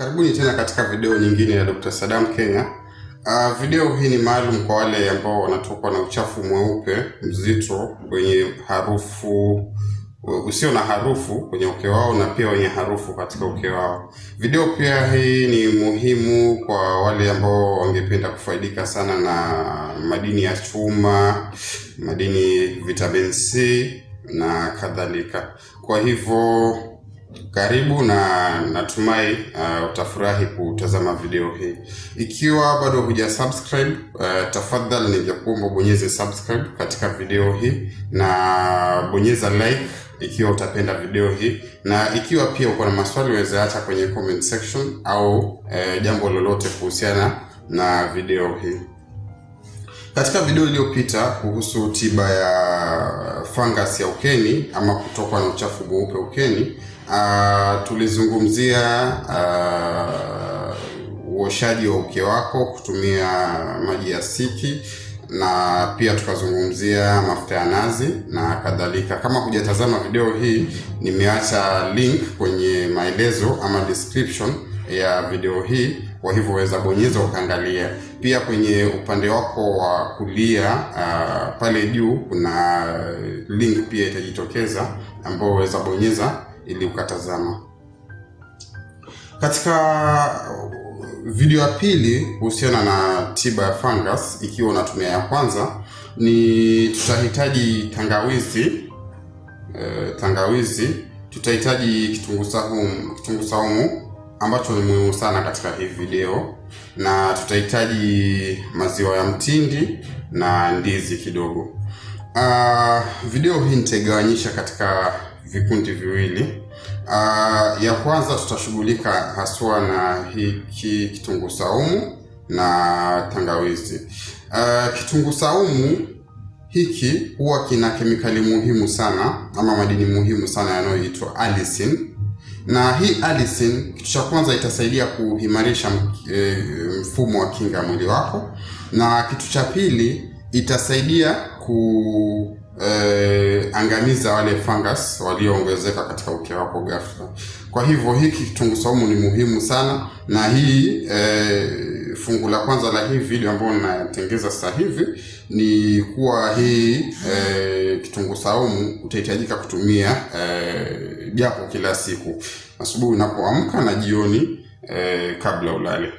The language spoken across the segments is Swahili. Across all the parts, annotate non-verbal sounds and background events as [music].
Karibuni tena katika video nyingine ya Dr. Saddam Kenya. Uh, video hii ni maalum kwa wale ambao wanatokwa na uchafu mweupe mzito wenye harufu usio na harufu kwenye uke wao na pia wenye harufu katika uke wao. Video pia hii ni muhimu kwa wale ambao wangependa kufaidika sana na madini ya chuma, madini vitamin C na kadhalika. Kwa hivyo karibu na natumai uh, utafurahi kutazama video hii. Ikiwa bado huja subscribe uh, tafadhali ningekuomba bonyeze subscribe katika video hii na bonyeza like ikiwa utapenda video hii, na ikiwa pia uko na maswali unaweza acha kwenye comment section au uh, jambo lolote kuhusiana na video hii. Katika video iliyopita kuhusu tiba ya fungus ya ukeni ama kutokwa na uchafu mweupe ukeni Ah, tulizungumzia ah, uoshaji wa uke wako kutumia maji ya siki na pia tukazungumzia mafuta ya nazi na kadhalika. Kama hujatazama video hii, nimeacha link kwenye maelezo ama description ya video hii, kwa hivyo waweza bonyeza ukaangalia. Pia kwenye upande wako wa kulia uh, pale juu kuna link pia itajitokeza ambayo waweza bonyeza ili ukatazama. Katika uh, video ya pili kuhusiana na tiba ya fungus, ikiwa unatumia ya kwanza, ni tutahitaji tangawizi e, tangawizi tutahitaji kitunguu saumu, kitunguu saumu ambacho ni muhimu sana katika hii video, na tutahitaji maziwa ya mtindi na ndizi kidogo. Uh, video hii nitaigawanyisha katika vikundi viwili. Uh, ya kwanza tutashughulika haswa na hiki kitunguu saumu na tangawizi. Uh, ah, kitunguu saumu hiki huwa kina kemikali muhimu sana ama madini muhimu sana yanayoitwa allicin, na hii allicin, kitu cha kwanza itasaidia kuimarisha eh, mfumo wa kinga ya mwili wako, na kitu cha pili itasaidia ku eh, angamiza wale fungus walioongezeka katika uke wako ghafla. Kwa hivyo hiki kitunguu saumu ni muhimu sana, na hii eh, fungu la kwanza la hii video ambayo ninatengeza sasa hivi ni kuwa hii eh, kitunguu saumu utahitajika kutumia eh, japo eh, kila siku, asubuhi unapoamka na jioni eh, kabla ulale.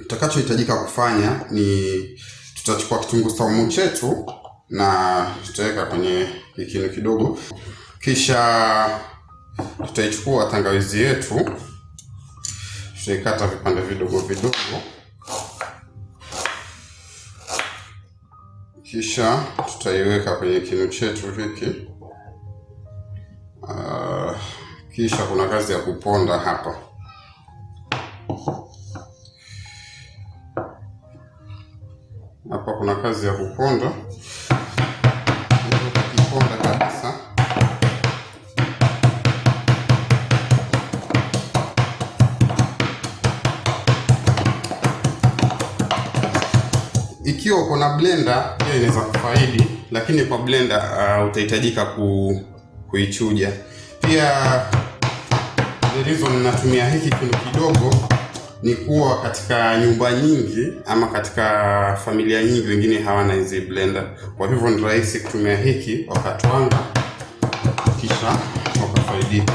Utakachohitajika kufanya ni tutachukua kitunguu saumu chetu na tutaweka kwenye kikinu kidogo, kisha tutaichukua tangawizi yetu tutaikata vipande vidogo vidogo, kisha tutaiweka kwenye kinu chetu hiki. Uh, kisha kuna kazi ya kuponda hapa. Hapa kuna kazi ya kuponda kukonda kabisa. Ikiwa uko na blender pia inaweza kufaidi, lakini kwa blender uh, utahitajika ku, kuichuja pia. The reason natumia hiki kinu kidogo ni kuwa katika nyumba nyingi ama katika familia nyingi wengine hawana hizi blender, kwa hivyo ni rahisi kutumia hiki wakatwanga kisha wakafaidika.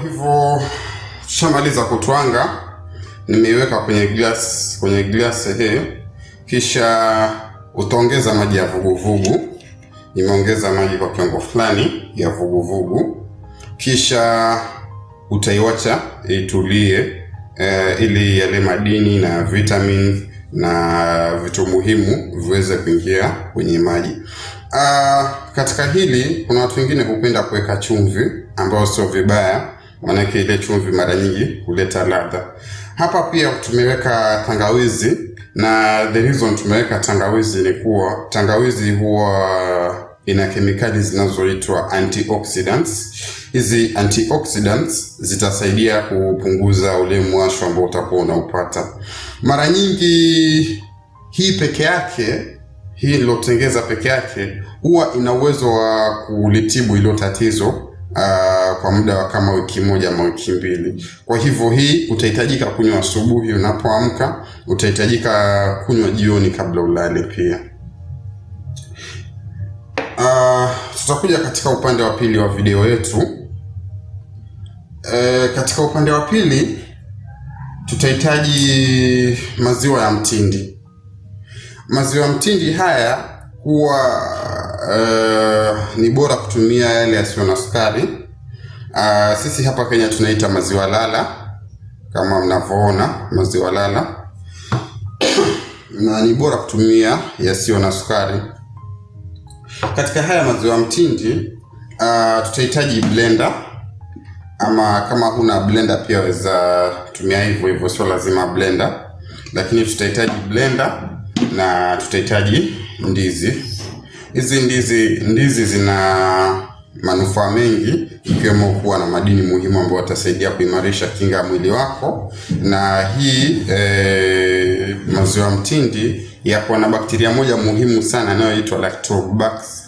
Kwa hivyo tushamaliza kutwanga, nimeiweka kwenye glass, kwenye glass hii, kisha utaongeza maji ya vuguvugu. Nimeongeza maji kwa kiwango fulani ya vuguvugu, kisha utaiwacha itulie eh, ili yale madini na vitamin na vitu muhimu viweze kuingia kwenye maji. Uh, katika hili kuna watu wengine hupenda kuweka chumvi, ambayo sio vibaya maanake ile chumvi mara nyingi huleta ladha. Hapa pia tumeweka tangawizi na the reason tumeweka tangawizi ni kuwa tangawizi huwa ina kemikali zinazoitwa antioxidants. Hizi antioxidants zitasaidia kupunguza ule mwasho ambao utakuwa unaupata mara nyingi. Hii peke yake, hii nilotengeza peke yake, huwa ina uwezo wa kulitibu ilo tatizo uh, kwa muda wa kama wiki moja ama wiki mbili. Kwa hivyo hii utahitajika kunywa asubuhi unapoamka, utahitajika kunywa jioni kabla ulale pia. Uh, tutakuja katika upande wa pili wa video yetu. Uh, katika upande wa pili tutahitaji maziwa ya mtindi. Maziwa ya mtindi haya huwa uh, ni bora kutumia yale yasiyo na sukari. Uh, sisi hapa Kenya tunaita maziwa lala kama mnavyoona maziwa lala [clears throat] na ni bora kutumia yasiyo na sukari. Katika haya maziwa mtindi uh, tutahitaji blender ama kama huna blender pia waweza tumia hivyo hivyo, sio lazima blender, lakini tutahitaji blender na tutahitaji ndizi. Hizi ndizi ndizi zina manufaa mengi ikiwemo kuwa na madini muhimu ambayo yatasaidia kuimarisha kinga ya mwili wako, na hii e, maziwa ya mtindi yako na bakteria moja muhimu sana inayoitwa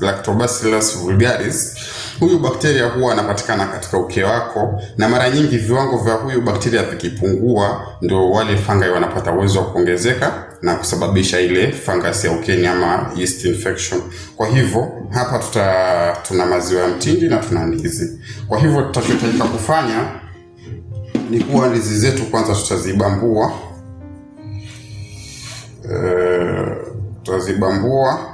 Lactobacillus vulgaris Huyu bakteria huwa anapatikana katika uke wako, na mara nyingi viwango vya huyu bakteria vikipungua, ndio wale fanga wanapata uwezo wa kuongezeka na kusababisha ile fanga ya ukeni ama yeast infection. Kwa hivyo hapa tuta, tuna maziwa ya mtindi na tuna ndizi. Kwa hivyo tutachotaka kufanya ni kuwa ndizi zetu kwanza tutazibambua, e, tutazibambua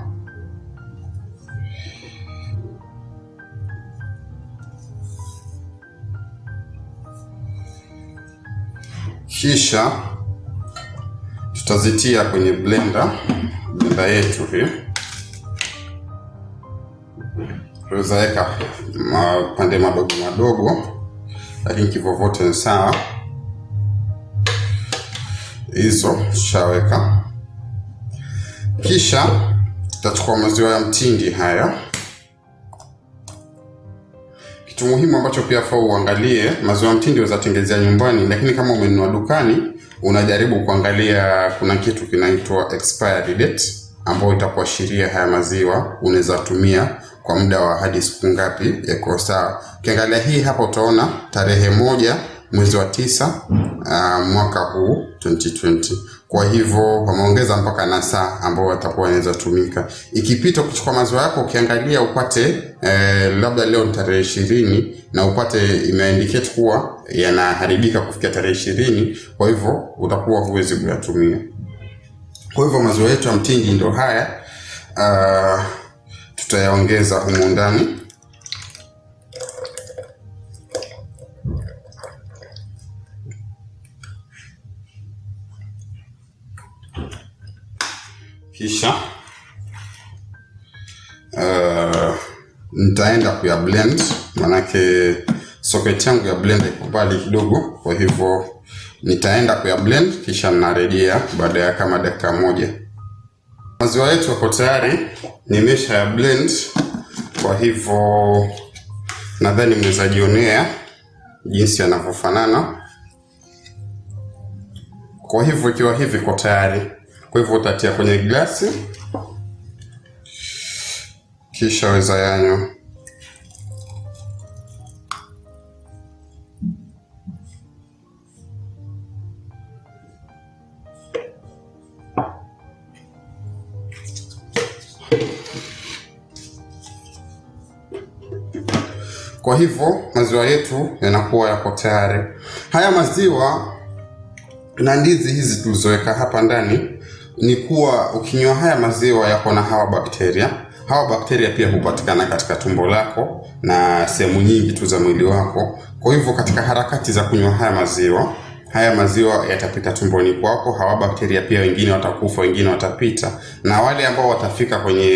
kisha tutazitia kwenye blender, blenda yetu hii. Tunaweza weka mapande madogo madogo, lakini kivovote ni sawa. Hizo tushaweka, kisha tutachukua maziwa ya mtindi haya kitu muhimu ambacho pia faa uangalie, maziwa mtindi unaweza tengenezea nyumbani, lakini kama umenunua dukani, unajaribu kuangalia, kuna kitu kinaitwa date ambayo itakuashiria haya maziwa unaweza tumia kwa muda wa hadi siku ngapi yako sawa. Ukiangalia hii hapa, utaona tarehe moja mwezi wa tisa uh, mwaka huu 2020. Kwa hivyo wameongeza mpaka na saa ambao watakuwa wanaweza tumika. Ikipita kuchukua maziwa yako ukiangalia upate eh, labda leo ni tarehe ishirini na upate imeindicate kuwa yanaharibika kufikia tarehe ishirini, kwa hivyo utakuwa huwezi kuyatumia. Kwa hivyo maziwa yetu ya mtindi ndio haya, uh, tutayaongeza humu ndani kisha uh, nitaenda kuya blend, manake socket yangu ya blend ikubali kidogo, kwa hivyo nitaenda kuya blend kisha narejea baada ya kama dakika moja. Maziwa yetu yako tayari, nimesha ya blend, kwa hivyo nadhani mnaweza jionea jinsi yanavyofanana. Kwa hivyo ikiwa hivi, kwa tayari kwa hivyo utatia kwenye glasi, kisha weza yanywa. Kwa hivyo maziwa yetu yanakuwa yako tayari. Haya maziwa na ndizi hizi tulizoweka hapa ndani ni kuwa ukinywa haya maziwa yako na hawa bakteria. Hawa bakteria pia hupatikana katika tumbo lako na sehemu nyingi tu za mwili wako. Kwa hivyo katika harakati za kunywa haya maziwa haya maziwa yatapita tumboni kwako, hawa bakteria pia wengine watakufa, wengine watapita, na wale ambao watafika kwenye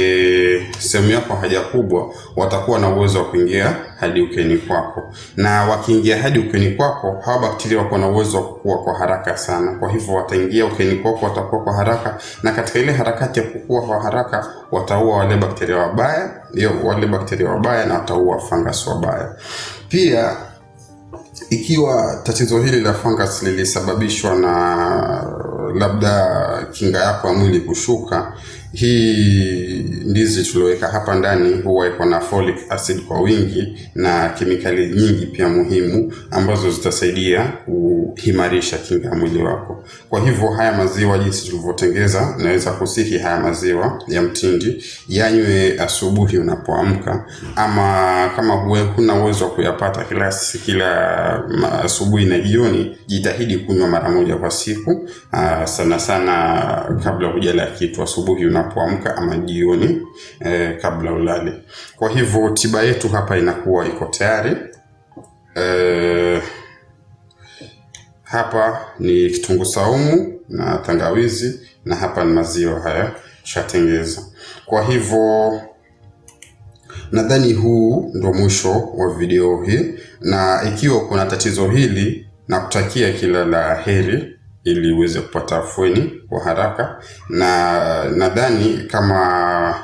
sehemu yako haja kubwa watakuwa na uwezo wa kuingia hadi ukeni kwako, na wakiingia hadi ukeni kwako, hawa bakteria wako na uwezo wa kukua kwa haraka sana. Kwa hivyo wataingia ukeni kwako, watakuwa kwa haraka, na katika ile harakati ya kukua kwa haraka wataua wale bakteria wabaya, hiyo wale bakteria wabaya, na wataua fungus wabaya pia ikiwa tatizo hili la fungus lilisababishwa na labda kinga yako ya mwili kushuka hii ndizi tulioweka hapa ndani huwa iko na folic acid kwa wingi na kemikali nyingi pia muhimu ambazo zitasaidia kuhimarisha kinga ya mwili wako. Kwa hivyo haya maziwa jinsi tulivyotengeza, naweza kusihi haya maziwa ya mtindi yanywe asubuhi unapoamka, ama kama huwe huna uwezo wa kuyapata kila kila asubuhi na jioni, jitahidi kunywa mara moja kwa siku, sana sana kabla hujala kitu asubuhi una unapoamka ama jioni e, kabla ulale. Kwa hivyo tiba yetu hapa inakuwa iko tayari. E, hapa ni kitunguu saumu na tangawizi na hapa ni maziwa haya shatengeza. Kwa hivyo nadhani huu ndo mwisho wa video hii, na ikiwa kuna tatizo hili, na kutakia kila la heri ili uweze kupata afueni kwa haraka, na nadhani kama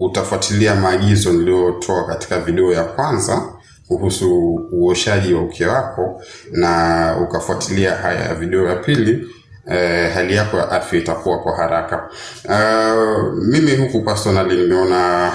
utafuatilia maagizo niliyotoa katika video ya kwanza kuhusu uoshaji wa uke wako na ukafuatilia haya ya video ya pili, eh, hali yako ya afya itakuwa kwa haraka. Uh, mimi huku personally nimeona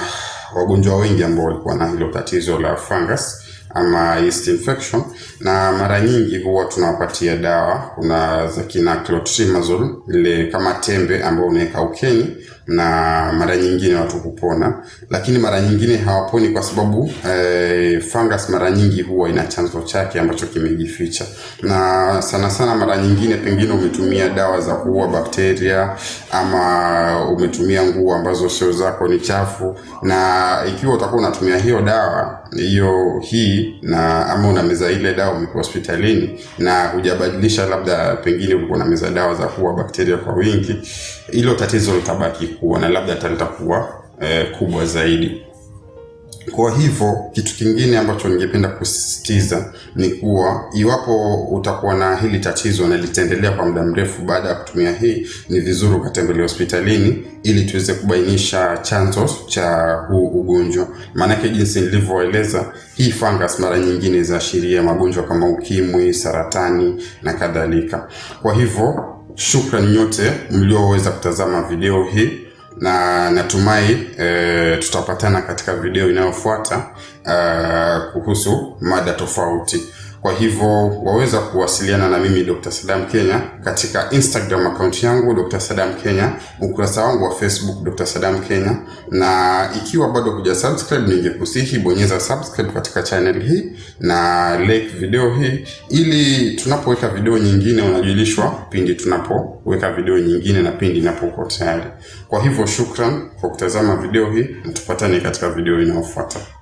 wagonjwa wengi ambao walikuwa na hilo tatizo la fungus ama yeast infection, na mara nyingi huwa tunawapatia dawa, kuna za kina clotrimazole ile kama tembe ambayo unaweka ukeni na mara nyingine watu kupona, lakini mara nyingine hawaponi kwa sababu e, fungus mara nyingi huwa ina chanzo chake ambacho kimejificha, na sana sana mara nyingine pengine umetumia dawa za kuua bakteria ama umetumia nguo ambazo sio zako, ni chafu, na ikiwa utakuwa unatumia hiyo dawa hiyo hii na ama unameza ile dawa umekuwa hospitalini na hujabadilisha, labda pengine ulikuwa unameza dawa za kuua bakteria kwa wingi, hilo tatizo litabaki kuwa na labda hata kuwa eh, kubwa zaidi. Kwa hivyo kitu kingine ambacho ningependa kusisitiza ni kuwa iwapo utakuwa na hili tatizo na litaendelea kwa muda mrefu baada ya kutumia hii, ni vizuri ukatembelea hospitalini ili tuweze kubainisha chanzo cha huu ugonjwa. Maanake jinsi nilivyoeleza, hii fungus mara nyingine zaashiria magonjwa kama ukimwi, saratani na kadhalika. Kwa hivyo Shukrani nyote mlioweza kutazama video hii na natumai e, tutapatana katika video inayofuata e, kuhusu mada tofauti. Kwa hivyo waweza kuwasiliana na mimi Dr. Saddam Kenya katika Instagram account yangu Dr. Saddam Kenya, ukurasa wangu wa Facebook Dr. Saddam Kenya, na ikiwa bado kuja subscribe, ningekusihi bonyeza subscribe katika channel hii na like video hii, ili tunapoweka video nyingine unajulishwa pindi tunapoweka video nyingine na pindi inapokuwa tayari. Kwa hivyo shukran kwa kutazama video hii na tupatane katika video inayofuata.